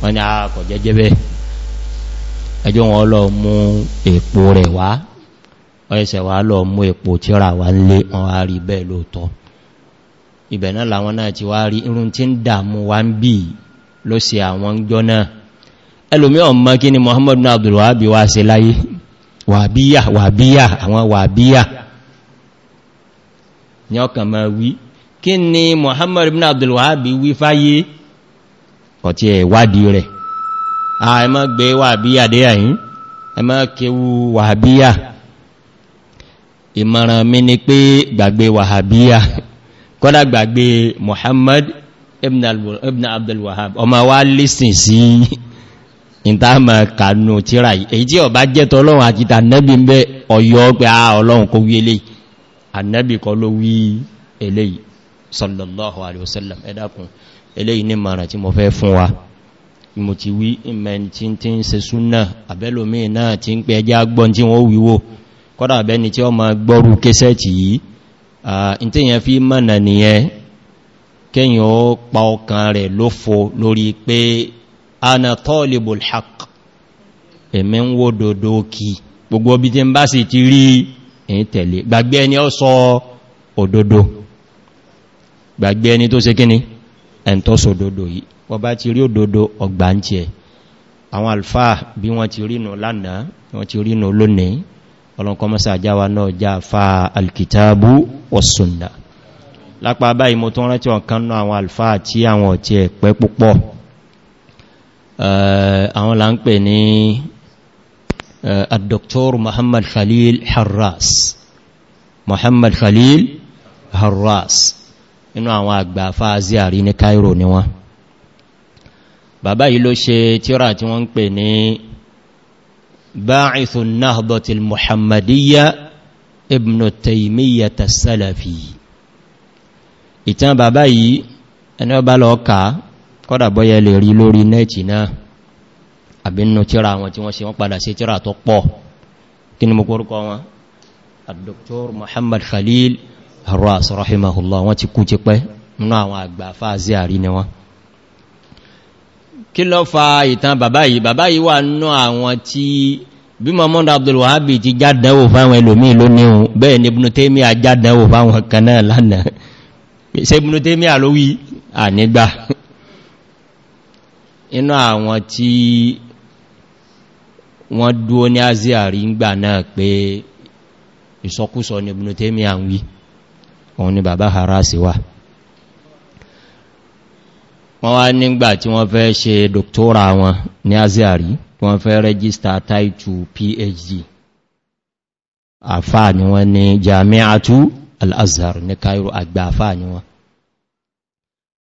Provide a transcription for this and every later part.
Ah, wọ́n ni àkọ̀ jẹ́jẹ́ bẹ́ ẹjọ́ wọn lọ mú èpò rẹ̀ wá ọ̀ẹ́sẹ̀ wá lọ mú èpò tíra wá lé wọn wá rí bẹ́ẹ̀ lóòtọ́ ibẹ̀ náà làwọn náà ti wá rí irun tí ń dàmú wá ń bí ló se àwọn jọ náà ẹlòmí ọmọ kí ni mohamed abdulwabi wá se láyé wàbíyà wàbíyà àwọn wàbíyà ọkàn ni mohamed kọ̀ tí ẹ̀ wádìí rẹ̀ a ẹmọ́ gbé wàbíyà dé àyín ẹmọ́ kéwú wàbíyà ìmọ̀ràn mi ni pé gbàgbé wàhábíyà kọ́dá gbàgbé Muhammad ibn Abdul Wahhab ọmọ wa lísìn sí ìtàmà kanú tíra èyí tí ọba jẹ́tọ́ ọlọ́run àti tànẹ́bì ń bẹ́ ọ̀yọ́ pé a ọlọ́run kó wí eléyìí ànẹ́bì kọ́ ló wí eléyìí sallallahu alaihi wasallam ẹ eléyìí ní mara tí mo fẹ́ fún wa mo ti wí ìmẹni tí tí ń se súnà àbẹ́lòmí náà tí ń pẹ ẹjá gbọ́n tí wọ́n wíwó kọ́dà àbẹ́ni tí ó ma gbọ́rù kẹsẹ̀tì yìí in yẹn fi mọ̀nà nìyẹn kẹ́yìn ó pa ọkàn rẹ̀ lófo lórí pé ana tọ́lìbùl haq èmi ń wó dòdó kí gbogbo bí tí ń bá sì ti rí èyí tẹ̀lé gbàgbé ẹni ó sọ òdodo gbàgbé ẹni tó se kíni ẹ̀ntọ́sọ òdòdó yìí wọ́n bá ti rí òdòdó ọgbà ń tiẹ̀ àwọn alfa bí wọ́n ti rí nù lánàá wọ́n ti rí nù lónìí ọlọ́nkọmọ́sá àjáwa náà já fa alkitabu ọ̀sùnà lápá báyìí mo tó rántí ọ̀kan náà àwọn alfa tí àwọn ọ̀tí ẹ̀ pẹ́ púpọ̀ àwọn là ń pè ní dr muhammad khalil harras muhammad khalil harras inú àwọn àgbà fáàzí àrí ní Cairo ni wọ́n bàbá yìí ló ṣe tíra tí wọ́n ń pè ní bá'ithu nahdotil muhammadiyya ibn taymiyya tasalafi ìtàn bàbá yìí ẹni ọba lọ ká kọ́dà bọ́yẹ lè rí lórí nẹ́ẹ̀tì náà àbí nínú wọn tí wọ́n ṣe wọ́n padà sí tíra tó pọ̀ kí ni mo kórúkọ wọn Dr. Muhammad Khalil Harras rahimahullah wọ́n ti kú ti pẹ́ nínú àwọn àgbà fáàzí àrí ni wọ́n kí ló fa ìtàn bàbá yìí bàbá yìí wà nínú àwọn tí bí Muhammad Abdul Wahhab ti jádánwò fáwọn ẹlòmí lónìí bẹ́ẹ̀ ni Ibn Taymiyyah jádánwò fáwọn kan náà lánàá ṣe Ibn Taymiyyah ló wí ànígbà inú àwọn tí wọ́n dúó ní azíàrí ń gbà náà pé ìsọkúsọ ni Ibn Taymiyyah ń wí òun ni bàbá harasi wà wọ́n wá nígbà tí wọ́n fẹ́ ṣe dòktórà wọn ní aziari wọ́n fẹ́ rẹ́gísítà taitu phd àfáà ni wọ́n ní jami'atu al-azhar ní cairo àgbà àfáà ni wọ́n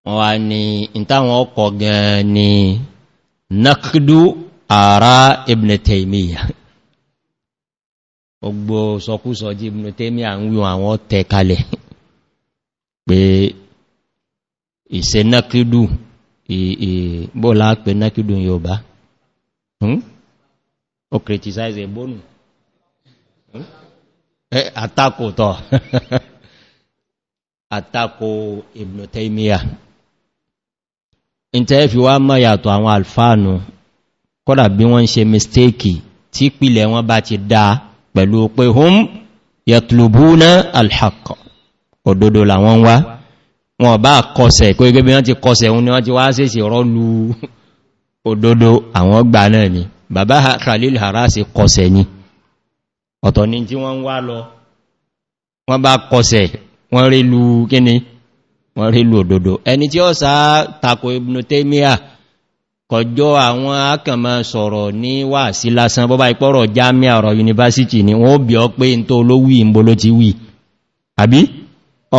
wọ́n wá ní ìtàwọn ọkọ̀ gan ni nakdu ara ibn taimiyya gbogbo sọkúsọ jí ibn taimiyya ń wíwọn àwọn tẹ kalẹ̀ pé ìṣẹ́ nákídù bọ́lá pé nákídù yọba o hmm? criticize ẹ̀bọ́nù hmm? àtakò tọ́ àtakò ibn taimiyya ìntẹ́ fi wá mọ́ yàtọ̀ àwọn alfáànù kọ́dà bí wọ́n ṣe mistéèkì tí pìlẹ̀ wọn bá ti dáa pẹ̀lú pé hum yàtùlùbú náà òdòdó làwọn wá wọn bá kọsẹ̀ kó igébí wọ́n ti kọsẹ̀ òun ni wọ́n ti wá sí sí rọ́lù òdòdó àwọn gbà náà ni bàbá khalil harasi kọsẹ̀ ni ọ̀tọ̀ ni tí wọ́n wá lọ wọ́n bá kọsẹ̀ wọ́n rí lú kíni wọ́n rí lú òdòdó ẹni tí ó sá tako ibn temia kọjọ́ àwọn akànmọ́ sọ̀rọ̀ ní wà sí lásán bọ́bá ipọ́rọ̀ jamia ọ̀rọ̀ yunifásitì ni wọ́n bí ọ pé n tó olówí ìmbóló àbí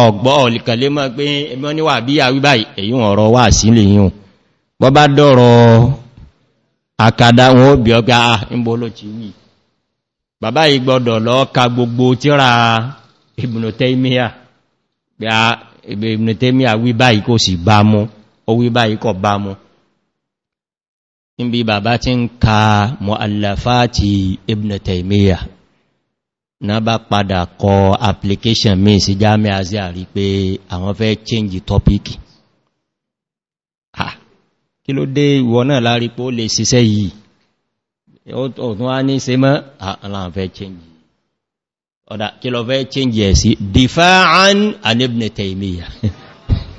ọ̀gbọ́ ọ̀lìkànlé mọ́ pé ẹmọ́ níwà bí àwíbà èyí wà sílé yíò bọ́ bá dọ́rọ̀ àkàdá wọn bí ọgá ah, ah, wì bàbá ìgbọ́dọ̀ lọ ka gbogbo tíra ah, ìbìnútẹ́míà bá bá bàbá náà bá padà kọ application mi sí jami azia rí pé àwọn fẹ́ change topic ah kí ló dé ìwọ náà lárí pé ó lè ṣiṣẹ́ yìí ọ̀tún wá ní ṣe mọ́ àwọn fẹ́ change ọ̀dá kí lọ fẹ́ change ẹ̀ sí difa'an an ibn taimiyya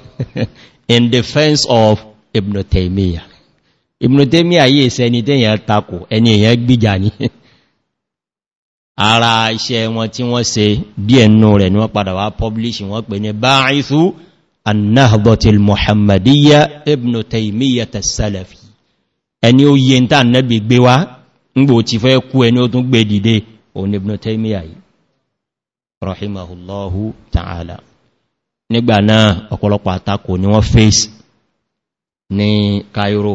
in defense of ibn taimiyya ibn taimiyya yìí ṣẹni tẹ́yàn takò ẹni èyàn gbíjà ni ara iṣẹ́ wọn tí wọ́n se bí ẹnu rẹ̀ ni wọ́n padà wá publish wọ́n pè ní báyìí annahdotil muhammadiyya ibn taimiyyat salafi ẹni ó yẹ ta nẹ́bì gbé wá ngbò ti fẹ́ kú ẹni ó tún gbé dìde òun ibn taimiyya yìí rahimahullahu ta'ala nígbà náà ọ̀pọ̀lọpọ̀ àtakò ni wọ́n face ní cairo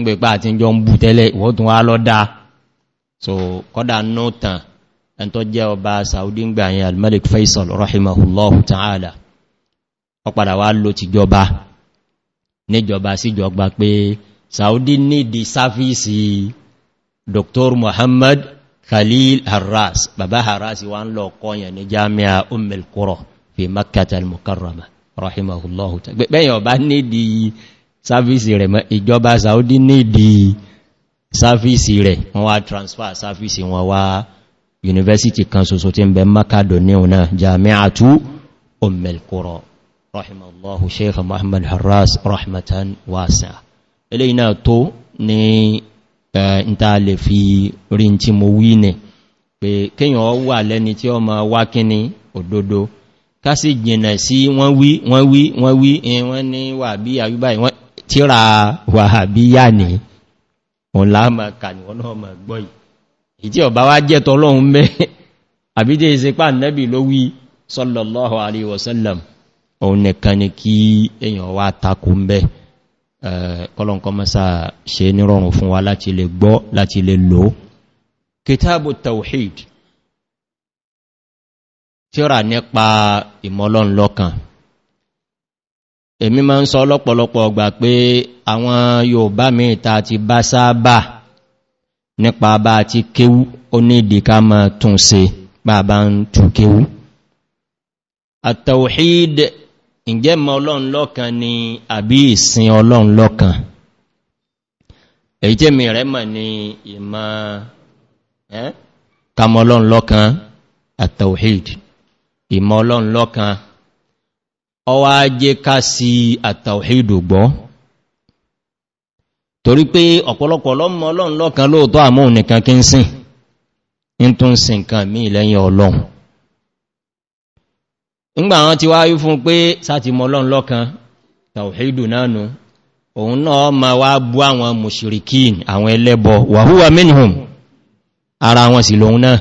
ngbẹ̀pá àti jọ ń bú tẹ́lẹ̀ ìwọ́dún wá lọ́dá so kọ́dà náà tàn ẹn tó jẹ́ ọba saudi ń gbàyìn al-malik faisal rahimahullahu ta'ala ọpadà wá ló ti jọba níjọba sí jọba pé saudi ní di sáfíìsì dr muhammad khalil harras bàbá harras wá ń lọ kọyàn ní jami'a ummul qura fi makkata al-mukarrama rahimahullahu ta'ala bẹ́yìn ọba ní di sáfíìsì rẹ̀ ìjọba saudi ní di sáfíìsì rẹ̀ yunifásitì kan soso tí ń bẹ makado ní ọ̀nà jami'atu omilkoro rahimallahu sheikh muhammad harras rahmatan wasa ilé iná tó ní ìta lè fi rí tí mo wí ní pé kíyàn wà lẹ́ni tí ọ ma wá kíní òdodo ká sì jìnà sí wọ́n wí wọ́n wí wọ́n wí wọ́n ní wà bí àyúbá tíra wà bí yà ní ọ̀lá ma kà ní wọ́n náà ma ìtí ọ̀bá wá jẹ́ tọ́lọ́hun mẹ́ àbídé ìsepá nẹ́bì ló wí sallallahu alaihi wasallam òun nìkan ni kí èyàn wá takò ń bẹ́ kọlọ̀nkọ́ mẹ́sà ṣe nírọ̀rùn fún wa láti lè gbọ́ láti lè lò kìtàbù tawhid tí ó rà nípa ìmọ̀lọ́n lọ́kàn èmi máa ń sọ lọ́pọ̀lọpọ̀ ọgbà pé àwọn yóò bá mi ìta ti bá sáábà nípa bá ti kéwú ó ní ìdíká ma tún se bàbá ń tù kéwú àtàwòhíd ìjẹ́mọ̀ ọlọ́run ni àbí ìsin ọlọ́run lọ́kan èyí tí mi rẹ̀ mọ̀ ni ìmọ̀ kàmọ̀ ọlọ́run àtàwòhíd ìmọ̀ ọlọ́run ọwá jẹ́ ká sí àtàwòhíd ògbọ́n torí pé ọ̀pọ̀lọpọ̀ lọ́mọ ọlọ́run lọ́kan lóòtọ́ àmọ́ nìkan kí ń sìn ń tún sìn kan mí lẹ́yìn ọlọ́run ńgbà wọn ti wáyé fún pé sáti mọ ọlọ́run lọ́kan tàwíìdù nánu òun náà ma wá bú àwọn mùsùríkín àwọn ẹlẹ́bọ wàhúwà minhum ara wọn sì lòun náà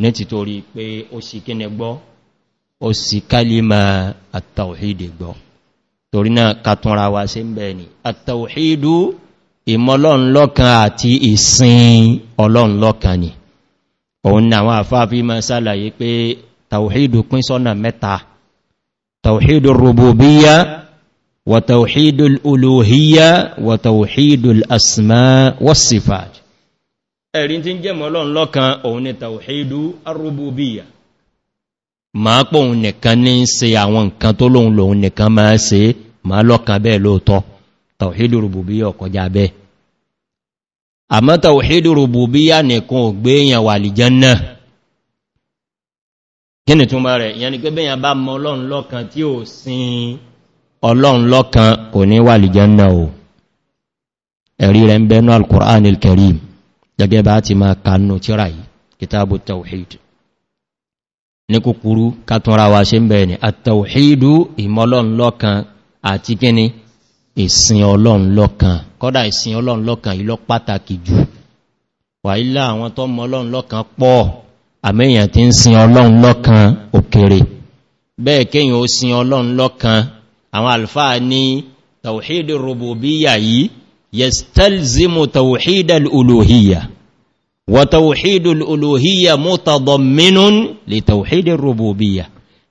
ní títorí pé ó sì kí ó sì kálímà àtàwíìdì gbọ́ torí náà katunra wa sí ń bẹ̀ ni àtàwòhídú ìmọ́lọ́nlọ́kan àti ìsin ọlọ́nlọ́kan ni òun ni àwọn àfáàfí ma sálàyé pé tàwòhídú pín sọ́nà mẹ́ta tàwòhídú rububíyá wà tàwòhídú olóhíyá wà tàwòhídú asìmá wọ́sífàd ẹ̀rin tí ń jẹ́ mọ́lọ́nlọ́kan òun ni tàwòhídú arububíyá ma pọ̀ òun nìkan ní ń se àwọn nǹkan tó lóun lòun nìkan máa se ma lọ́kàn bẹ́ẹ̀ lóòtọ́ tàwíhìdù rùbùbíyà ọkọjá bẹ́ẹ̀ àmọ́ tàwíhìdù rùbùbíyà nìkan ò gbé èyàn wà lì jẹ́nà kí ni túnmà rẹ̀ ìyẹn ni pé bẹ́yàn bá mọ ọlọ́run lọ́kan tí ò sin ọlọ́run lọ́kan kò ní wà lì jẹ́nà o ẹ̀rí rẹ̀ ń bẹ́nu alkùrán ilkẹ̀rìm wa ṣe ń bẹ̀ẹ̀ ni àtàwíhìdù ìmọ́lọ́n lọ́kan àti kíni ìsìn ọlọ́run lọ́kàn kọ́dá ìsìn ọlọ́run lọ́kàn ìlọ pàtàkì jù wà ilá àwọn tó mọ ọlọ́run lọ́kàn pọ̀ àmẹ́yàn tí ń sin ọlọ́run lọ́kàn òkèrè bẹ́ẹ̀ kíyàn ó sin ọlọ́run lọ́kàn àwọn alfáà ní tàwíhìdì rububiyya yìí yẹ̀stẹ́lzimu tàwíhìdì al'uluhiyya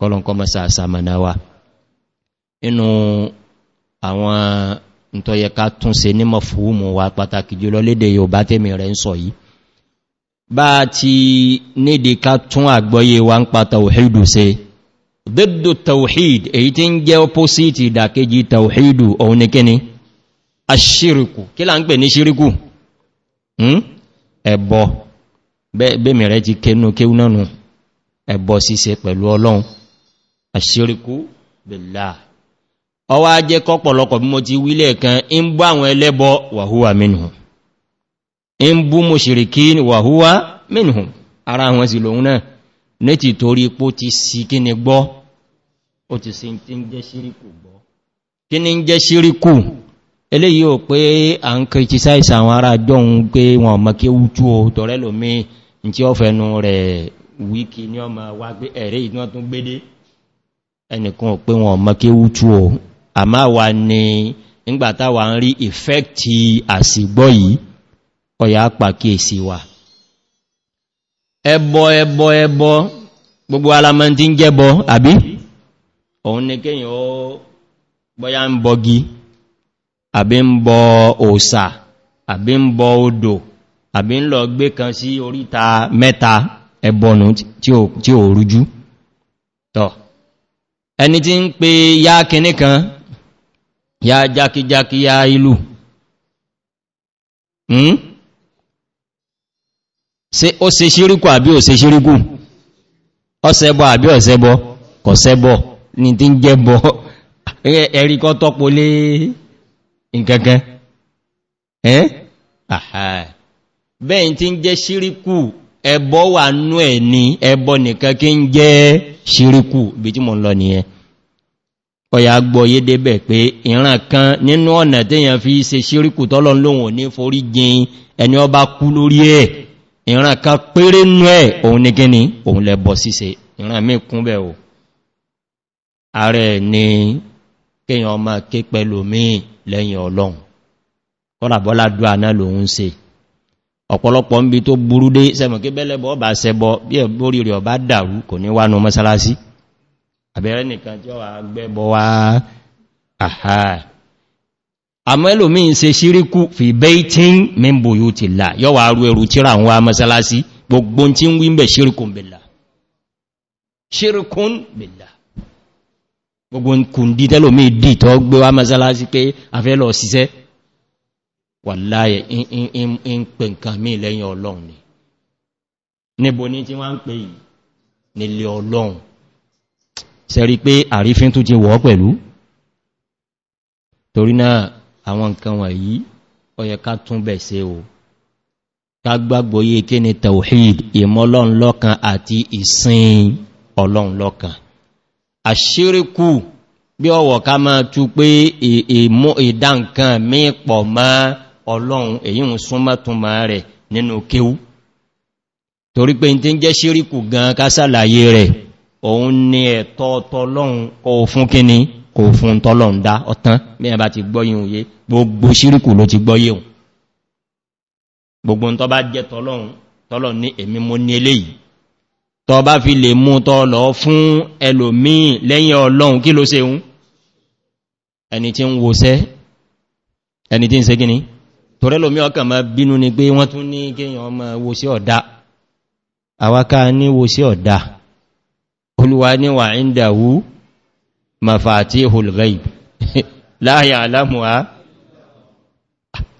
kọlọ̀nkọ́ mọ́sá sàmànà wa inú àwọn ntọ́yẹ ká tún se ní mọ̀fúhùmù wa pàtàkì jùlọ lédè yóòbá tèmi rẹ̀ ń sọ yìí bá ti nídi ká tún àgbọ́yé wa ń pa tàwàhídù se dídò tàwàhíd èyí tí ń jẹ́ opposite ìdàkejì tàwàhídù òun ní kíni aṣíríkù kí là ń pè ní ṣíríkù hmm? ẹ̀bọ̀ bẹ́ẹ̀mì rẹ̀ ti kénú kéúnánu pẹ̀lú ọlọ́run àṣíríkú bela ọwá jẹ́ bí mo ti wílẹ̀ kan in bú àwọn ẹlẹ́bọ wàhúwà mínhùn in bú mo ṣìrìkí wàhúwà ara wọn sì lòun náà ní ti torí pó ti sí kí ni gbọ́ ti sí tí ń jẹ́ ṣíríkù gbọ́ kí ni ń jẹ́ ṣíríkù eléyìí ò pé à ń àwọn ará wọn o tọrẹ lòmí tí wíkì ní ọmọ wá ẹ̀rẹ́ ẹnìkan ò pé wọn ọmọ kéwú tú o a máa wà ní ìgbàtà wà ń rí ìfẹ́kì àsìgbọ́ yìí ọ̀yà pàkíyèsí wà ẹbọ ẹbọ ẹbọ gbogbo alamọ́ntí ń jẹ́bọ àbí òun ní kíyàn ó bọ́yá ń bọ́gi àbí ń bọ òsà àbí ń bọ odò àbí ń lọ gbé kan sí oríta mẹ́ta ẹbọnù tí ò rújú tọ́ ẹni tí ń pe ya kìíní kan ya jákijáki ya ìlú o hmm? se ṣíríkù àbí o se ṣíríkù ọ́sẹ́bọ̀ àbí ọ̀sẹ́bọ̀ kọ̀sẹ́bọ̀ ní tí ń ti ẹ̀rí tọ́pọ̀ lé nkankan ẹ́ bẹ́yìn tí ń jẹ́ ṣíríkù ẹbọ wà nú ẹ̀ ní ẹbọ nìkan kí ń jẹ́ ṣíríkù bí tí mo lọ nìyẹn ọ̀yà gbọ́ yé débẹ̀ pé ìran kan nínú ọ̀nà tíyàn fi ṣe ṣíríkù tọ́lọ lóhun ní forí jin ẹni ọba kú lórí ẹ̀ ìran kan péré nú ẹ̀ òun ní gíní òun lẹ́bọ̀ síse ìran mí kún o ààrẹ ni kéèyàn ọmọ ké pẹ̀lú mí lẹ́yìn ọlọ́run kọ́làbọ́lá dúà náà lòun se ọ̀pọ̀lọpọ̀ ń bi tó burú dé sẹ́mọ̀ kí bẹ́lẹ̀bọ̀ ọba sẹ́bọ bí ẹ̀ bórí rẹ̀ ọba dàrú kò ní wánú mọ́sálásí àbẹ̀rẹ̀ nìkan tí ó wà gbẹ́bọ wá àhà àmọ́lòmí ń se ṣíríkú fi bẹ́ìtín mẹ́mbò yóò ti là yọ́ wà rú ẹrù tíra ń wá mọ́sálásí gbogbo tí ń wímbẹ̀ ṣíríkún bèlà ṣíríkún bèlà gbogbo wà láyé in pè nǹkan mí lẹ́yìn ọlọ́run ni níbo ní tí wọ́n ń pè yìí nílé ọlọ́run sẹ́rí pé àrífín tó ti wọ́ pẹ̀lú torí náà àwọn nǹkan wọ̀nyí ọyẹ ká tún bẹ̀ sí o ká gbàgbóyé kí ni tawhid ìmọ́lọ́run lọ́kan àti ìsin ọlọ́run lọ́kan àṣíríkù bí ọwọ̀ ká máa tú pé ìdá nǹkan mí pọ̀ máa ọlọ́run èyí ń súnmọ́túnmọ́ rẹ̀ nínú kéwú torí pé tí ń jẹ́ ṣíríkù gan kásàlàyé rẹ̀ òun ni ẹ̀tọ́ tọ́lọ́run kò fún kíní kò fún tọ́lọ́run dá ọ̀tán mẹ́rin bá ti gbọ́yìn òye gbogbo ṣíríkù ló ti gbọ́yìn òun gbogbo tó bá jẹ́ tọ́lọ́run tọ́lọ̀ ní èmi ẹni tí ń wòsẹ́ ẹni tí ń se gíní torẹ́lòmí ọkàn ma bínú ni pé wọ́n tún ní kíyàn ọmọ wo sí ọ̀dá àwáká ní wo sí ọ̀dá olúwa ní wà ń dàwú mafàtí hulghaib láàyà alámùá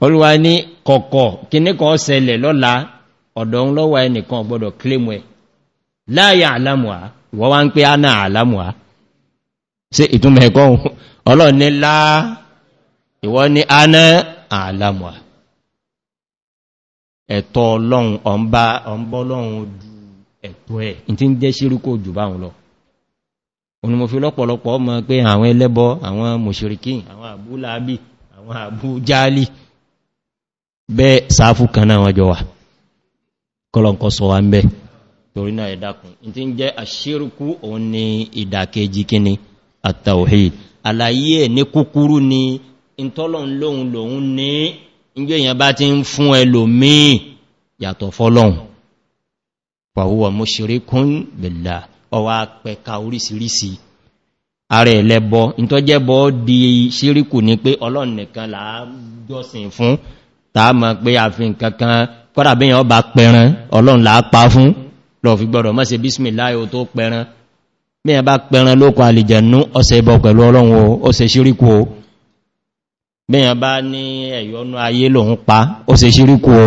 olúwa ní kọ̀kọ̀ kíní kan sẹlẹ̀ lọ́la ọ̀dọ̀ ń lọ́wà ẹnìkan ìwọ́n ni ánà alámùá ẹ̀tọ́ ọlọ́run ọ̀nbá ọ̀nbọ́lọ́run ẹ̀tọ́ ẹ̀ tí ń jẹ́ ṣíríkò jù báhùn lọ òní mo fi lọ́pọ̀lọpọ̀ ọmọ pé àwọn ẹlẹ́bọ́ àwọn mòṣìríkí àwọn àbúláàbí àwọn àbújálì bẹ́ sáfù kan náà wọ́n jọ ìgbé èyàn bá ti ń fún ẹlòmíì yàtọ̀ fọ́lọ́un pàwọ́wà mú ṣeré kún bèlà ọwá pẹka orísìírísì ààrẹ ẹlẹ́bọ ìtọ́jẹ́bọ́ di ṣíríkù ní pé ọlọ́run nìkan là á jọ́sìn fún tàà mọ̀ pé àfin kankan kọ́dà bí yàn bá pẹran ọlọ́run là á pa fún lọ fi gbọ́dọ̀ mọ́ sí bísmì láyò bẹ́yàn bá ní ẹ̀yọ́nú ayé lòun pa ó se ṣíríkú o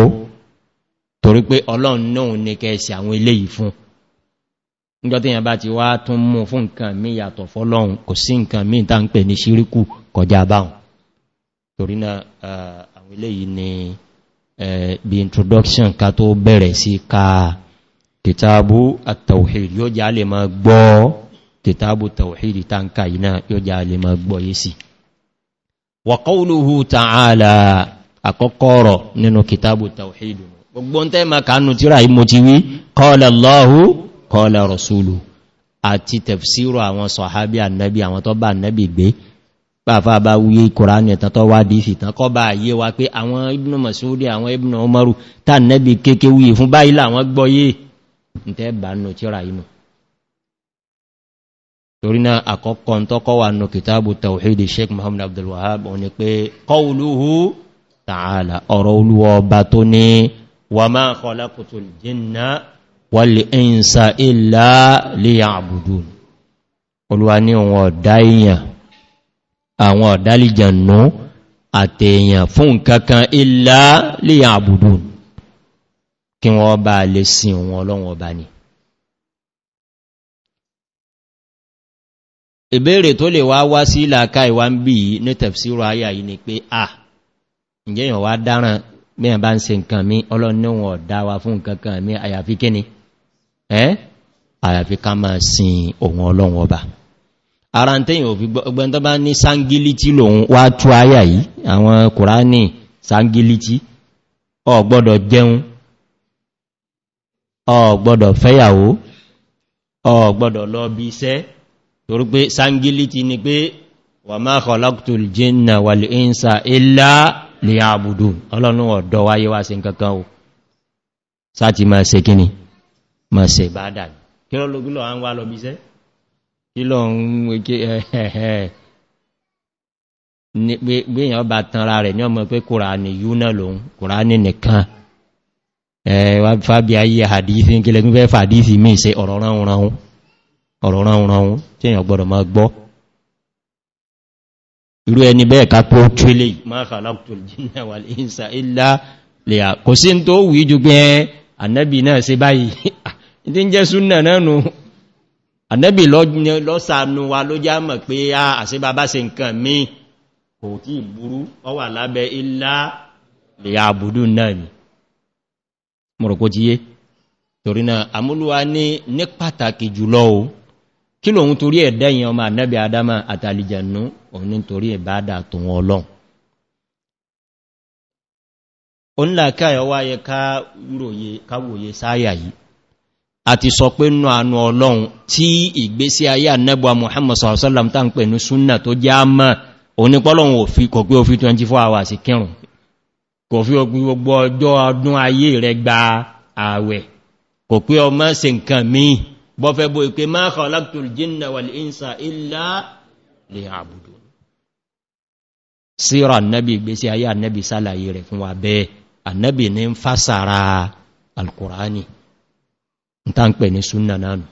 torí pé ọlọ́run náà ní kẹsì àwọn ilé yìí fún níjọ́ tí yàn bá ti wá tún mú fún nǹkan mí yàtọ̀ fọ́lọ́run kò sí nǹkan mí tá ń pè ní ṣíríkù kọjá báhùn torí náà àwọn ilé yìí ni bí introduction ká tó bẹ̀rẹ̀ sí ká kìtàbù àtàwòhìrì yóò já lè máa gbọ́ kìtàbù tàwòhìrì táǹkà yìí náà yóò já lè máa gbọ́ yé sí وقوله تعالى أققر ننو كتاب التوحيد وقبنت ما كانوا ترى المتوي قال الله قال رسوله àti tẹ̀fṣírò àwọn sọ̀hábí ànẹ́bí àwọn tó bá ànẹ́bí gbé pàfà bá wúyé kòránì ẹ̀tàn tó wá dìí fìtàn kọ́ bá yé wa pé àwọn ibùnà masúrí torí náà àkọ́kọ́ tọ́kọ́ wà nù kìtàbù tàwíìdì sheik mohamed abdulwahab òní pé kọlùhù tààlà ọ̀rọ̀ olúwọ ọba tó ní wà máa kọlákùtù jínà wàlì ẹ̀yìnsà ilá líyà àbùdù olúwa ní ohun ọ̀dá èèyàn àwọn ọ̀dálìjànú ìbéèrè tó lè wá wá sí ìlàkà ìwà ń bí ní tẹ̀fsíru ayà yìí ni pé à ah, ìjẹyàn wá dáràn mẹ́yàn bá ń se nǹkan mi ọlọ́níwọ̀n ọ̀dá wa fún nǹkan kan mi àyàfi kíni ẹ́ àyàfi ká máa sin ohun ọlọ́run ọba ara tẹ́yìn òfin gbọ́n tó bá ní sangiliti lòun wá tú ayà yìí àwọn kùránì sangiliti ọ̀gbọ́dọ̀ jẹun ọ̀gbọ́dọ̀ fẹ́yàwó lọ bí iṣẹ́ torí pé sangiliti ni pé wà máa kọ̀lọ́kùtù jẹ́nà wà lè ń sa ilá lè àbùdù ọlọ́run ọ̀dọ́ wáyé wá sí kankan o sáti máa se kíni máa se bá dà kí lọ lógúnlọ à ń wá lọ bíṣẹ́ kí lọ ń wéké gbéyàn bá ọ̀rọ̀ ránunràun tí èyàn gbọ́dọ̀ máa gbọ́ irú ẹni bẹ́ẹ̀ ká tó tílé máa kàlákùtù jìnnà wà lè ń sa ilá lè à kò sí tó wù í ju pé ànẹ́bì náà sí báyìí tí ń jẹ́ súnà náà nù ànẹ́bì lọ́sàánú wa ló já torí náà àmúlùwà ní pàtàkì jùlọ o kí lòun torí ẹ̀dá èyàn ọmọ ànẹ́bẹ̀ adama àtàlìjànú òun ní torí ẹ̀bádà tó wọn ọlọ́un o nílà káyọ̀ wáyé káwòye sáyà yìí a ti sọ pé nù àánú ọlọ́un tí ìgbésí ayé ànẹ́bọ̀ muhammad sallam tá ń pè ní súnà tó já mọ́ onípọ́lọ̀un bọ́fẹ́ bó ìpé máa kọ̀láktùl jínà wà l'ínsà ilá lè àbùdó síra annabi ìgbésí ayé annabi sálàyé rẹ̀ fún wa bẹ́ẹ̀ annabi ní ń fásàrà alkùránì ń tán pẹ̀ ní súnà nánu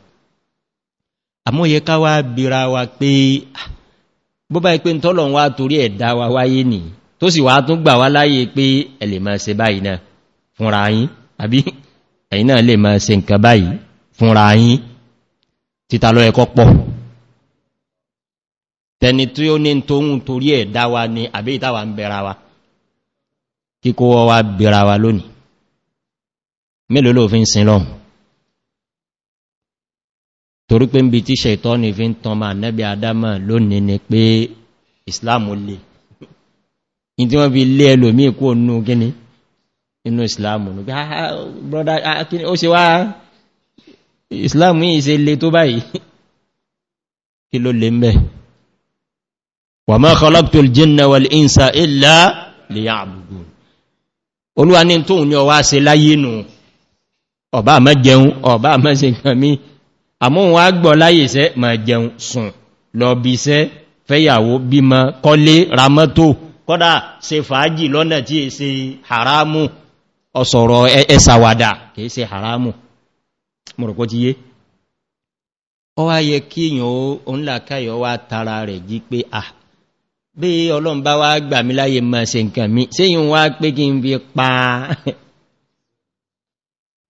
àmóyẹ káwà bíra wa pé ah, bọ́bá ìpé tọ́lọ̀ wá torí ẹ̀dá wa wáyé nì tó sì wá tún gbà wá láyé pé ẹ̀lẹ̀ máa se báyìí náà fúnra yín àbí ẹ̀yìn náà lè máa se nǹkan báyìí fúnra yín títà lọ ẹ̀kọ́ pọ̀ tẹni tí ó ní tóhun torí ẹ̀ dáwa ni àbí ìtawà ń bẹ̀ra wa kíkó wọ́ wá bẹ̀ra wa lónìí mélòó ló fi ń sin lọ́hun torí pé ń bi tí ṣẹ̀tọ́ ni fi ń tan ma nẹ́bí adámà lónìí ni pé islam lè tí wọ́n fi lé ẹlòmí kó nú gíní inú islam ní pé brother ó ṣe wá islam yìí se le tó báyìí kí ló lè mẹ́ wà máa kọlọ́pù jẹ́nà wà ìsà ìlà lè yà àbùgbù olúwa ní tóhun ní ọwá se láyé nù ọba àmá jẹun ọba àmá se nǹkan mí àmóhun wá gbọ́ láyé sẹ́ ma jẹun sùn lọ bí sẹ́ fẹ́yàwó bímọ kọlé ramọ́tò kọ́dà se fàájì lọ́nà tí è se haramu ọ̀sọ̀rọ̀ ẹsàwàdà kìí se haramu mọ̀rọ̀pọ̀ ti yé ọ wá yẹ kí èyàn ó ńlá káyọ̀ wá tara rẹ̀ jí pé à bí ọlọ́n bá wá gbà mí láyé mọ́ ṣe nǹkan mi séyìn wá pé kí n fi pa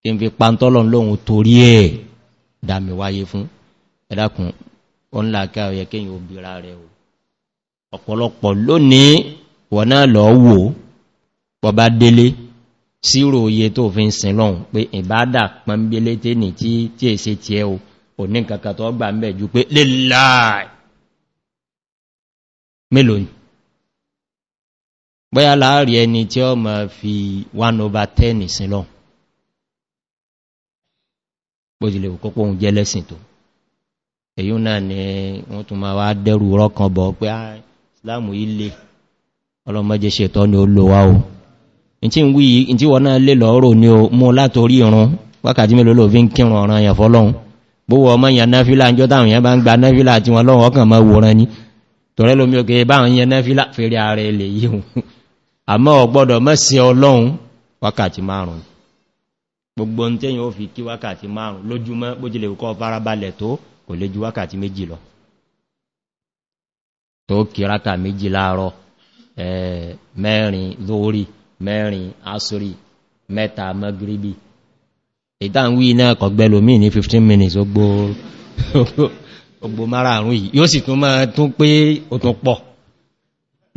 kí n fi pa ń tọ́lọ̀ lóhun torí ẹ̀ dámi wáyé fún ẹ̀dàkùn ọ́nlá káyọ̀ yẹ kéyìn obìnra rẹ̀ o ọ̀pọ̀lọpọ̀ lónìí wọ̀n náà lọ wò wọ́n bá délé sírò oye tó fi ń sin lọ́hun pé ìbádà pọ̀nbélé tí ní tí tí è se tí ẹ o ò ní kankan tó gbà mẹ́ ju pé lèláì mélòó ni bóyá láàrí ẹni tí ó mọ̀ fi 1 over 10 sin lọ́hun bójìlẹ̀ òkópọ̀ oúnjẹ lẹ́sìn tó èyí náà ni wọ́n tún máa wá dẹ́rù rọ́kan bọ̀ pé ah, islam ilé ọlọ́mọdé ṣètọ́ ni ó lówá o tí ń wí tí wọ́n náà lè lọ́rọ̀ ní o mú látorí ìrún wákàtí mélòó ló fi ń kírùn ọ̀ràn èyàn fọ́lọ́un bówó ọmọ èyàn náfílà ń jọ táwọn èyàn bá ń gba náfílà tí wọ́n lọ́wọ́ kàn mọ́ wòran ní tọ̀rẹ́ lómi òkè báwọn èyàn náfílà fèrè ààrẹ ilẹ̀ yíhun àmọ́ ọgbọ́dọ̀ mẹ́sí ọlọ́run wákàtí márùn mẹ́rin lórí mẹ́rin asiri mẹ́ta magribi ìdáwí náà kọ̀gbẹ́lòmí ní 15 minutes ogbo márààrún yìí yóò sì tún máa tún pé ó tún pọ̀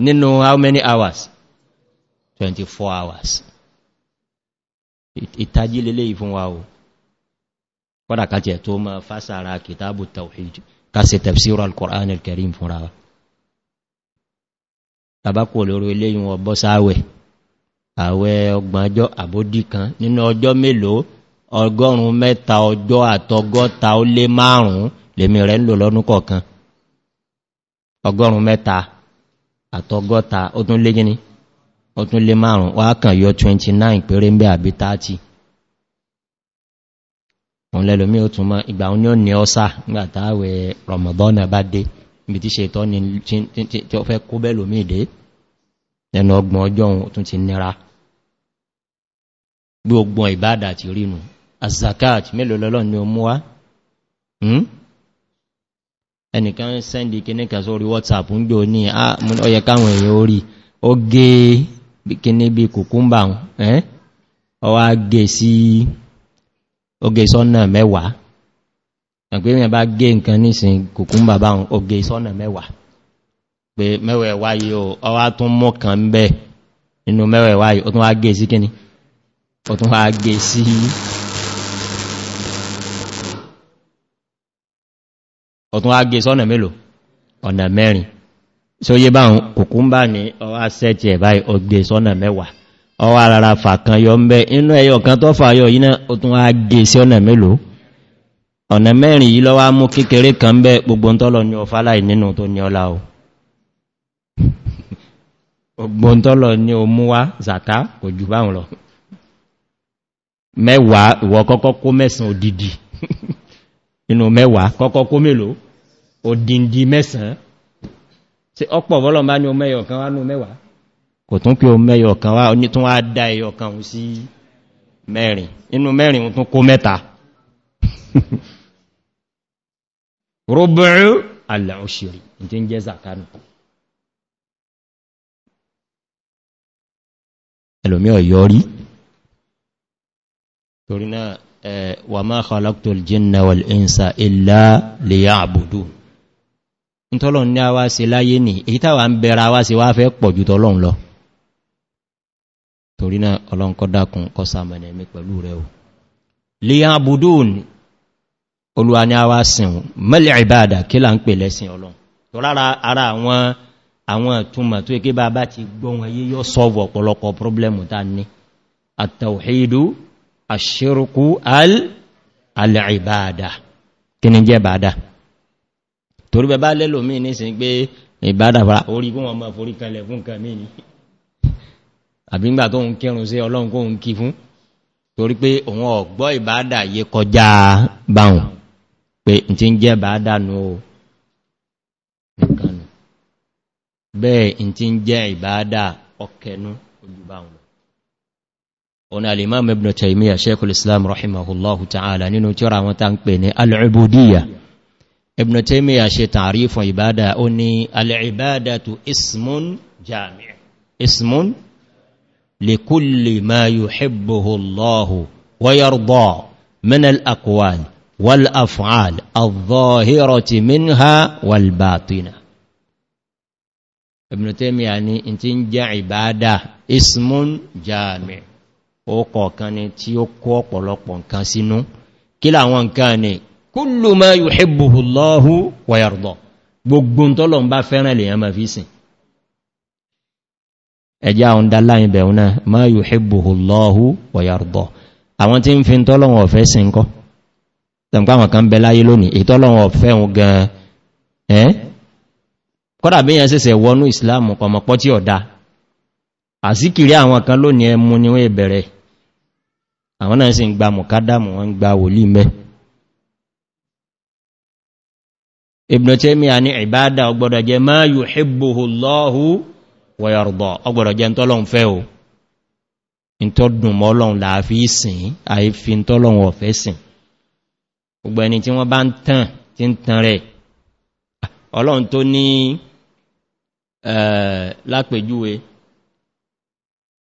nínú how many hours 24 hours ìtají lélé ìfún wa o kọ́dàkàtì ẹ̀ tó ma fásàrà kìtàbù tawhid kásì tafsir al-Qur'an al-Karim fúnra wa tabakò lórí eléyìn ọbọ́ sáwẹ̀ àwẹ́ ọgbọ̀njọ́ àbódí kan nínú ọjọ́ mélòó ọgọ́rùn-ún mẹ́ta ọjọ́ àtọgọ́ta ó lé márùn-ún lèmi rẹ̀ ń lò lọ́dún kọ̀ọ̀kan ọgọ́rùn-ún mẹ́ta àtọgọ́ta ó tún lé gíní ó tún lé márùn-ún wá kàn yọ 29 péré ń bẹ́ àbí 30 òun lẹ́lòmí ó tún mọ́ ìgbà ó ní ó fẹ́ kó bẹ́lòmí ẹnu ọgbọ̀n ọjọ́ òun tún ti nira gbogbo ìbádà ti rínu azakat mélòó lọ́lọ́ ni o mú wá hmm? ẹnìkan sẹ́ndì kìníkà sórí whatsapp ń jò ní ọyẹ ah, káwọn èèyàn orí ó gé kìní bí kùkúmbà ọwá gé sí oge sọ́nà mẹ́wàá ẹgbẹ́rin bá gé nǹkan nísìn kùkúmbà báhùn oge sọ́nà mẹ́wàá pé mẹ́wàá wáyé ọwá tún mọ́ kan bẹ́ sí kíní. ọ̀tún wa gé sí ọ̀tún wa gé sọ́nà mélòó ọ̀nà mẹ́rin tí ó yé bá ń kùkúmbà ní ọwá sẹ́tì ẹ̀bá ọgbẹ̀ sọ́nà mẹ́wàá ọwá rárá fà kan yọ mẹ́ inú ẹyọ kan tó fà yọ yíná ó tún wá gé sí ọ̀nà mélòó ọ̀nà mẹ́rin yìí lọ́wá mú kékeré kan bẹ́ gbogbo tọ́lọ ní ọfá láì nínú tó ní ọlá o gbogbo tọ́lọ ní o mú wá zàká kò jù báhùn lọ mẹ́wàá ìwọ̀ kọ́kọ́ kó mẹ́sàn òdìdì inú mẹ́wàá kọ́kọ́ kó mélòó òdìndì mẹ́sàn tí ọpọ̀ bọ́lọ̀mbá ní omẹ́yọ̀ kan wá ní mẹ́wàá kò tún pé omẹ́yọ̀ kan wá ní tún wá dá ẹyọ kan sí mẹ́rin inú mẹ́rin tún kó mẹ́ta ẹlòmí ọ̀yọ́ rí torí náà wà máa kọlọ́pùtò jínà wà ìsà ilá lè yá àbùdó ní tọ́lọ̀ ní a wá sí láyé ní èyí tàwà ń bẹ̀rẹ̀ a wá sí wá fẹ́ pọ̀ jù tọ́lọ̀un lọ torí náà ọlọ́nkọ́dákun kọ́ sàmẹ̀nẹ̀mí pẹ̀lú rẹ̀ o lè yá àbùdó olúwa ní a wá sìn mẹ́lẹ̀ ìbáadà kí là ń pè ara àwọn àwọn ìtumọ̀ tó ikẹ́ bá ti gbọ́n ayé yọ́ sọ́ọ̀bù ọ̀pọ̀lọpọ̀ pọ́blẹ́mù tá ní àtàwòhídú Asiruku al al-ibadah kini nje ibadah tori be ba le lo mi ni sin pe ibadah fara ori ko won ma fori kale fun kan mi ni abi ngba to n kerun se olohun ko n ki tori pe ohun ogbo ibadah ye koja baun pe n tin je ibadah nu o be n tin je okenu ojuba ona al'imam ibn taimiyya shekul islam rahimahullahu ta'ala ninu tira wọn ta n pè ní al'ubudiyya ibn taimiyya ṣe tarifin ibada o ni al'ibadatu ismun jami' ismun likulli ma yuhibbuhu allahu wayarda min al'akwal wal'af'al al-zahirati minha walbatina ibn taimiyya ni in ti n jẹ́ ibada ismun jami' ó kọ̀ọ̀kan ni tí ó kó ọ̀pọ̀lọpọ̀ nǹkan sínú kí láwọn nǹkan ni kúlù ma yù hìbùhù lọ́hù wàyàrdọ̀ gbogbo tọ́lọ̀ ń bá fẹ́ràn lè yàn ma fi sìn ẹjá àwọn dáláyìn bẹ̀rún náà ma yù hìbùhù lọ́hù wàyàrdọ̀ àwọn tí ń fi tọ́lọ̀wọ̀n ọ̀fẹ́ sí ń kọ́ tẹ̀m̀pá àwọn kan bẹ láyé lónìí àwọn náà sì ń gba mọ̀kádàmù wọn gba wòlí mẹ́ ibnotemi a ní ìbádà ọgbọ̀dọ̀ jẹ máa yù hìbòhù lọ́hù wọ̀yọ̀rọ̀dọ̀ ọgbọ̀dọ̀ jẹ tọ́lọ̀un fẹ́ o in tó dùn mọ́lọ̀un láàfí sìn àìfi tọ́lọ̀un ọ̀fẹ́ sìn gbogbo ẹni tí wọ́n bá ń tàn tí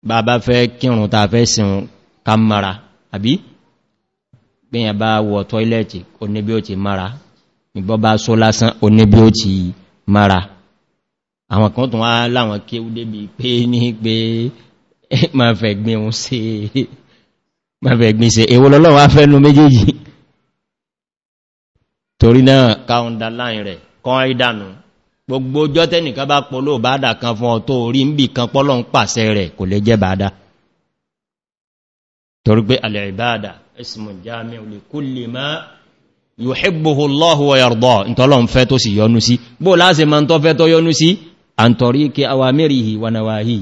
bàbá eh, fẹ́ kírun ta fẹ́ sìn ká mara àbí gbìyàn bá wọ tọ́ílẹ̀tì oníbí ó ti mara ìbọ́ bá só lásán oníbí ó ti mara àwọn kan tún wá láwọn kí ó débi pé ní pé ma fẹ́ gbin se ewó lọ́lọ́wọ́ afẹ́nu méjèèjì torí náà káúndà láìn rẹ̀ kan ìdànù gbogbo ọjọ́ tẹ́nìkan bá pọ̀lọ́ bàádà kan fún ọ tó orí ń bì kan pọ́lọ́ ń pàṣẹ rẹ̀ kò lè jẹ́ bàádà torí pé al'ibada ismu jami'u li kulli ma yuhibbuhu allahu wa yarda in tọ́lọ̀ ń fẹ́ tó sì yọnu sí bó láti ma ń tọ́ fẹ́ tó yọnu sí an torí kí awamirihi wa nawahi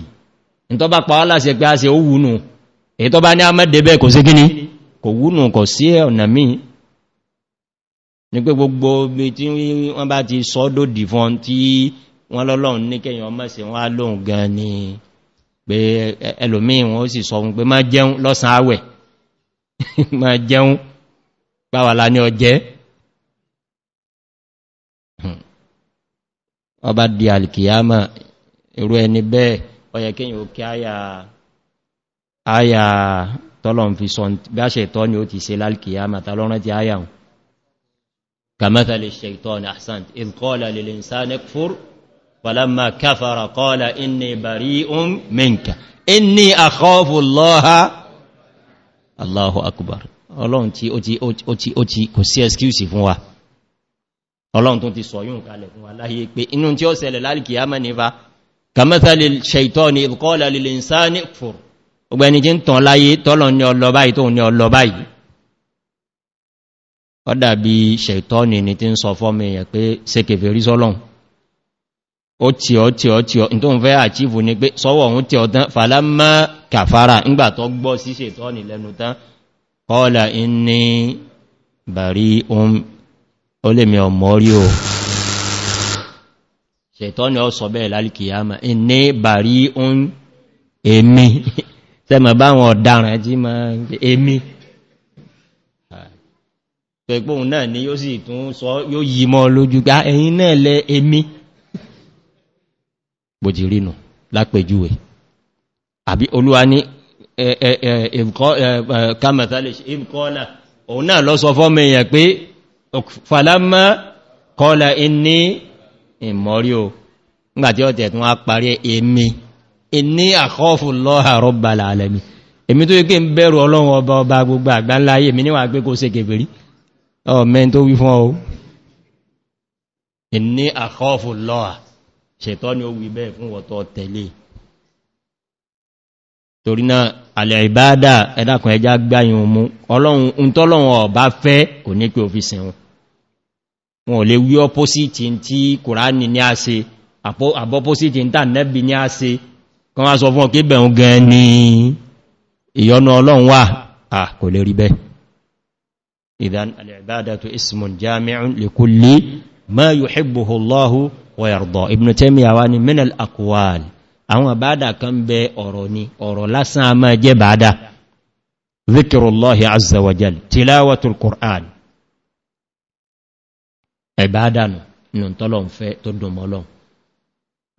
in tọ́ bá pa wọ́n láti pé a se ó wùnù èyí tọ́ bá ní amẹ́dẹ̀ bẹ́ kò sí gíní kò wùnù kò sí ọ̀nà míì ní pé gbogbo bí tí wọ́n bá ti sọ́dọ̀ dìfọn tí wọ́n lọ́lọ́run ní kẹyàn ọmọ sí wọ́n á lóhun gan ni pé ẹlòmí wọn ó sì sọ ohun pé má jẹun lọ́sàn áwẹ̀ má jẹun báwàlá ní ọjẹ́ ọba di alkiyama irú ẹni bẹ́ẹ̀ ọyẹ kíyàn ó kí áyà tọ́lọ̀n fi sọ bí a ṣètọ́ ni ó ti se lálkiyama tàlọ́rán ti áyà hùn kàmẹ́tàlẹ̀ ṣètọ́ ni àṣànt ìkọ́ọ̀lẹ̀ lè فلما كفر قال إني بريء منك إني أخاف الله الله أكبر ọlọ́run tí ó ti ó ti ó ti kò sí ẹskíùsì fún wa ọlọ́run tó ti sọ yóò kalẹ̀ fún wa láyé pé inú tí ó sẹlẹ̀ lálìkì ya mẹ́ nífà kàmẹ́sàlì ṣeìtọ́ ni ìkọ́ọ̀lá lè sá fòrò ọgbẹni jí ń tàn láyé tọ́lọ ni ni ó tí ọ tí ọ tí ọ tó ń fẹ́ àchífù ní pé sọ́wọ́ òun tí ọ tán falamá kàfàrà ńgbà tó gbọ́ sí ṣètọ́ ní lẹ́nu tán kọ́ọ̀lá inní bàrí ohun ó lè mẹ́ ọmọ rí o ṣètọ́ ni ọ sọ bẹ́ẹ̀ lálìkìyàmà inní bàrí ma èmi pẹ̀pọ̀ ni yóò sì tún sọ yóò yí mọ́ lójú ah, bòjìrínù lápẹjúwẹ̀ àbí olúwa ní ìbkọ́lá òun náà lọ sọ fọ́mọ èèyàn pé falamma kọ́lá iní ìmọ̀rí o ngbàtí ọ̀tẹ̀ tún wá parí èmi iní àkọ́fù lọ́ha rọ́bàlà alẹ́mi èmi tó yíké ń bẹ̀rù ọlọ́run ọba ọba gbogbo àgbáńláyé mi níwà pé kó se kèfèrí ọmọ ṣètọ́ ni ó wí bẹ́ẹ̀ fún wọ́tọ́ tẹ̀lé torí náà alẹ̀ ìbáadà ẹ̀dàkùn ẹja gbáyìn omu ọlọ́run ń tọ́lọ́run ọ̀bá fẹ́ kò ní pé òfin sẹ̀wọ̀n wọn ò lè wí ọpósìtì tí kùránì ní a se àbọ́pósìtì ń tà nẹ́bì ní a se kan wá sọ fún ọkẹ́ bẹ̀rún gan ni ìyọnu ọlọ́run wà à kò lè rí bẹ́ ìdán alẹ̀ ìbáadà tó ismun jami'un lè kú lè máa yóò wọ́yàrùdọ̀ ibn tẹ́míyà wá ní minal akwal àwọn àbádà kan bẹ ọ̀rọ̀ ni ọ̀rọ̀ lásán a máa jẹ́ bàádà zikirullahi azawajal tilawatul qur'an ẹ̀bádànù nù tọ́lọ̀n fẹ́ tó dùnmọ́lọ̀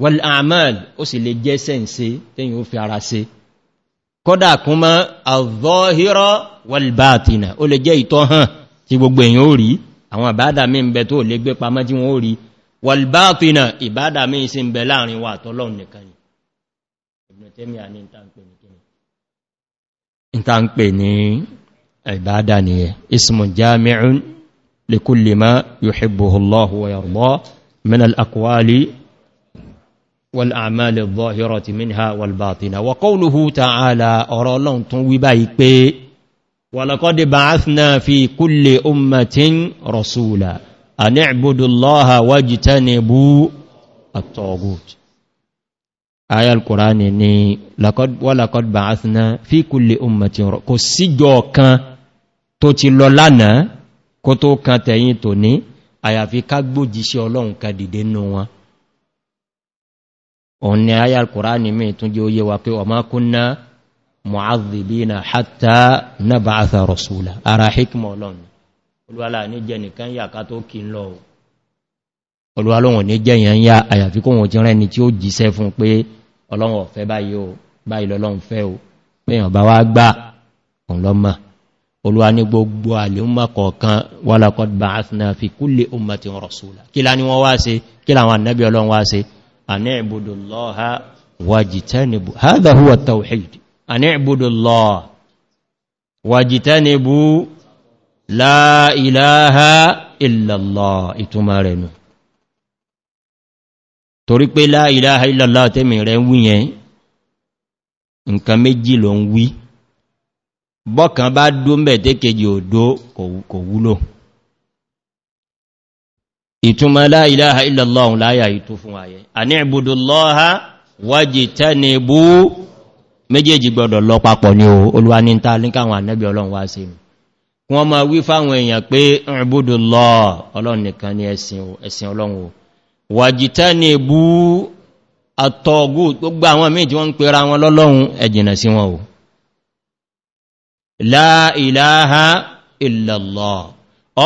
wal amal ó sì lè jẹ́ sẹ́ǹsẹ́ tẹ́yìn ó fi ara se kọ́dà kún mọ́ àzọ́hírọ́ wal wàlbáàtìnà ìbádà mí sí ń bẹ láàrin wà tọ́lọ́un nìkan ni ìbìnà tẹ́mì à ní ìtàǹpè ní ìbádà ni ẹ̀ ismun jami'un likulli ma yuhibbuhullahu wa yarda min al-aqwali wal a'mali adh-dhahirati minha wal batina wa wa laqad ba'athna fi kulli ummatin rasula àní ìbúdùlọ́ha wajtanibu at-taghut ayá al-kùránì ni wọ́làkọ́d bá áṣìná fi kulli ummati kò síjọ kan tó ti lọ lánàá kó tó kan tẹ̀yìn tò ní àyàfi ká gbójíṣẹ́ ọlọ́run ka dìde nù wọn òun ni ayá al-kùránì mi tún jẹ́ oyé wa pé ọmọ kúnná mu'adhibina hatta naba'atha rasula ara hikmọ̀ ọlọ́run olúwàlá ní jẹ nìkan yà ká tó kí ń lọ olúwàlọ́wọ̀n ní jẹ yẹn yà àyàfi kó wọn ti rẹ́ ni tí ó jíṣẹ́ fún pé ọlọ́wọ̀n ọ̀fẹ́ báyìí o báyìí lọ́lọ́wọ̀n fẹ́ o pèyàn bá wá gbà òun lọ́mà olúwa ní gbogbo àlèúmọ̀ kọ̀ọ̀kan wálakọ̀d bá áfínà fi kúlé ọmọtí rọ̀sùlá kí lá ní wọ́n wá la ilaha illallah ìtumà rẹ̀ nù torí pé la ilaha illallah tẹ́mì rẹ̀ wí yẹn nǹkan méjì ló ń wí bọ́kan bá dó mẹ́ tẹ́kejì òdó kò wúlò ìtumà la ilaha illallah láyà ìtò fún ayẹ àní ìbùdóllọ́ha wájì tẹ́nibú méjèèjì gbọdọ̀ lọ papọ̀ ni o olúwa ní ta ní káwọn ànẹ́bí ọlọ́run wá sí mi wọ́n ma wí fáwọn èèyàn pé ìrìnbódò lọ ọlọ́run nìkan ni ẹ̀sìn ọlọ́run o wàjítẹ́ ní bú àtọ́gù gbogbo àwọn méjì wọ́n ń pèrà wọn lọ́lọ́run ẹ̀jìnà sí wọn o láìláha ìlọ̀lọ̀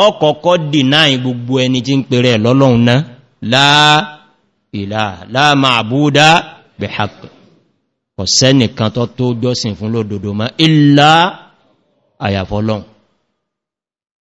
ọkọ̀kọ́ dìnáì gbogbo ẹni tí ń pèrè lọ́lọ́run náà láìláha àyàfọ́lọ́run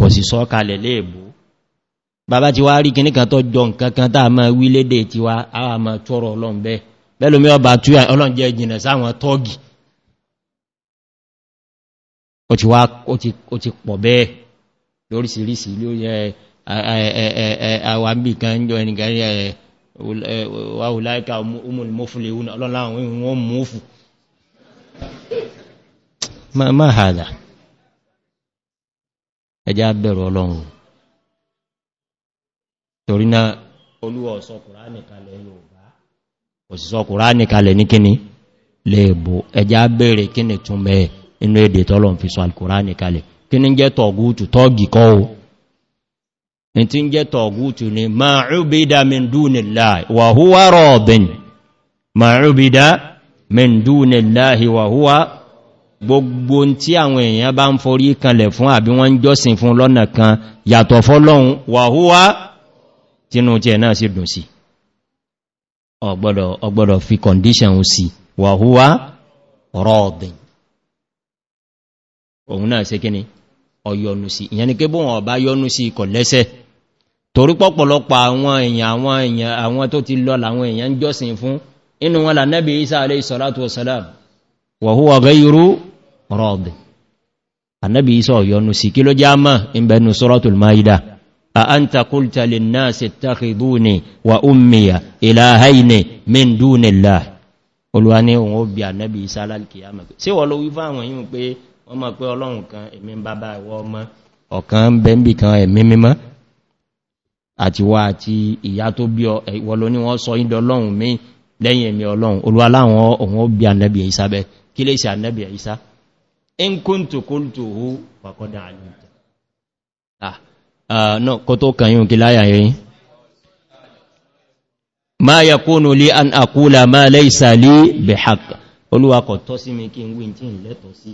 kò sì sọ kalẹ̀ léèbú bàbá ti wá rí kìníkan tó jọ nkankan tàà mọ́ wílédè ti wá àwà tọrọ ọlọ́m̀bẹ́ bẹ́lùmí ọba tí ọlọ́njẹ́ jìnà sáwọn tọ́gì ti pọ̀ bẹ́ẹ̀ ma ẹjá bẹ̀rọ ọlọ́run torí náà olúwa ọ̀sọ̀kùnrá nìkalẹ̀ yóòbá òsìsọ̀kùnrá nìkalẹ̀ ní kíni lèèbò ẹjá bẹ̀rẹ̀ kíni túnmẹ̀ inú èdè tọ́lọ̀ fi sọ alkùnrá nìkalẹ̀ kíni jẹ́ tọ̀gútù tọ́gì kọ́ o ní tí ń jẹ́ tọ̀gútù ni ma'ubida min ma'ubida min gbogbo tí àwọn èèyàn bá ń forí kanlẹ̀ fún àbí wọ́n ń jọ́sìn fún lọ́nà kan yàtọ̀ fọ́lọ́hun wàhúwá tínú tí ẹ̀ náà sí dùn sí ọgbọ́dọ̀ fi kọndíṣàn sí wàhúwá rọ́ọ̀dìn òun náà sí kíni ọyọnu sí ìyẹn ni kébò wọn ọba yọnu sí ikọ̀ lẹ́sẹ̀ torí pọ̀pọ̀lọpọ̀ àwọn èèyàn àwọn èèyàn àwọn tó wọ̀húwọ̀ gẹ́yìrú rọ̀bì annabi isa ọ̀yọnu sí kí ló já mọ́ ìbẹ̀nu sọ́rọ̀tul maida a an takulta lè náà sí takidú ni wa ummiya ilahaini min dúnilá olúwa ní ohun ó bí annabi isa lálkiyama sí wọ́n ló wí fáwọn yíò pé wọ́n mọ̀ pé ọlọ́run kan èmi bàbá lẹ́yìn èmi ọlọ́run olúwa láwọn ohun ó bí annabi isa bẹ́ẹ̀ kí lè ṣe ànẹ́bì ìsá in kúntù kúntù hú pàkọ́dá àlúta náà kò tó kàyún kí láyà yìí ma yà kúnù lé an àkúlà ma lẹ́ìsà lé bẹ̀ hàk olúwakọ̀ tọ́ sí mi kí n wí tí n lẹ́tọ̀ sí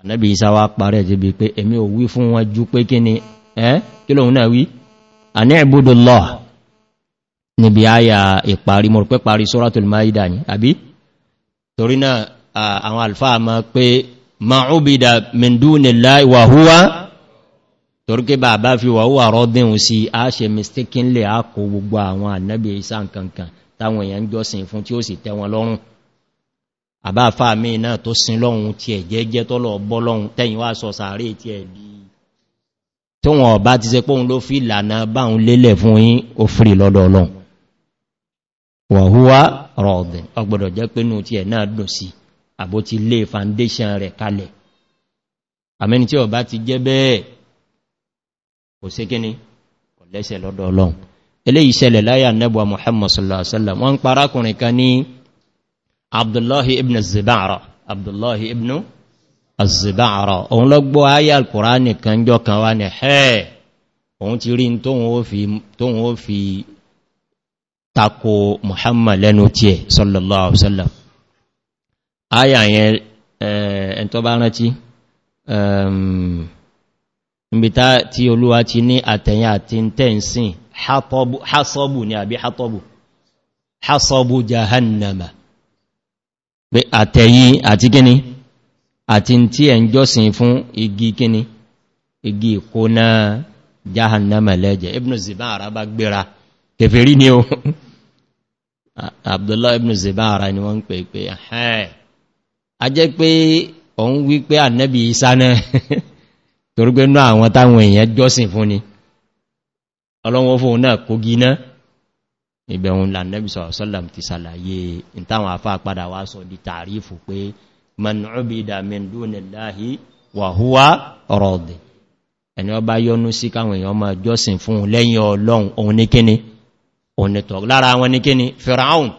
ànẹ́bì ìsá wá parẹ́ ti bí pé èmi ò wí fún wọn ju pé kí ni ẹ́ kí lóhun náà wí àní ìbúdùlọ́ níbi àyà ìparí mọ̀rùpẹ́ parí sóràtùl máìdà ni àbí torí náà Ah, àwọn alfáà ma pé ma'úbìdà mìndúnilláhi wa huwa torke ba ba fi wa huwa rọ́dínwò sí a ṣe mistakenle a kò gbogbo àwọn annabi isa nkankan táwọn èèyàn jọ́sìn fún tí ó sì tẹ́wọn lọ́rùn àbáfà míì náà tó sin lọ́hun tí ẹ̀ jẹ́jẹ́ tọ́lọ̀ bọ́ lọ́hun tẹ́yìn wá sọ sàárè tí ẹ̀ bí tó wọn ọ̀bá ti se pọ́hun ló fi ìlànà báhun lélẹ̀ fún yín ó fìrì lọ́dọ̀ ọlọ́run rọ̀ọ̀dẹ̀ ọgbọ̀dọ̀ jẹ́ pé tí ẹ̀ náà dùn sí i àbó ti lé foundation rẹ̀ kalẹ̀ àmẹ́ni tí ọba ti jẹ́ bẹ́ẹ̀ kò sí kíní kò lẹ́sẹ̀ lọ́dọ̀ ọlọ́run ilé ìṣẹ̀lẹ̀ láyà nẹ́bùwa muhammad sallallahu alaihi wasallam wọ́n ń parákùnrin kan ní abdullahi ibn zibara abdullahi ibn azibara òun lọ gbọ́ ayé alkùránì kan jọ kan wá ní ẹ̀ òun ti rí tóhun ó fi tako muhammad lẹ́nu tí ẹ̀ sallallahu alaihi wasallam àyà yẹn ẹn bá rántí tí olúwa ti ní àtẹ̀yìn àti tẹ́ǹsìn hasọ́bù ni àbí hasọ́bù hasọ́bù jahannama àtẹ̀yí àti kíní àti tí ẹ̀ ń jọ́sìn fún igi kíní igi ìkóná jahannama lẹ́jẹ̀ ibn ni abdullahi ibn zibara ni wọ́n ń pè pé a jẹ́ pé òun wípé ànẹ́bì ìsáná torípé náà àwọn táwọn èèyàn jọ́sìn fún ni ọlọ́wọ́ fún náà kó gíná ìbẹ̀rún lànẹ́bì sọ̀rọ̀sọ́làm ti sàlàyé ìtàwọn afá padà wá sọ di tààrífù pé manúbìdà mẹ́ndúnláhí wàhúwá ọ̀rọ̀dì ẹni ọ bá yọnú sí káwọn èèyàn máa jọ́sìn fún lẹ́yìn ọlọ́run òun ní kíni òun ní tọ̀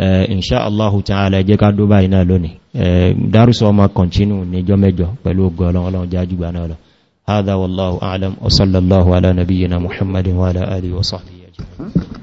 Eh, inṣá allahu ta'ala jẹ́ ká dó báyìí náà lónìí eh, dárúsọ ọmọ kọ̀ǹtínú níjọ́ mẹ́jọ pẹ̀lú ogun ọlọ́run jájúgbà náà lọ هذا والله أعلم وصلى الله على نبينا محمد وعلى آله وصحبه أجمعين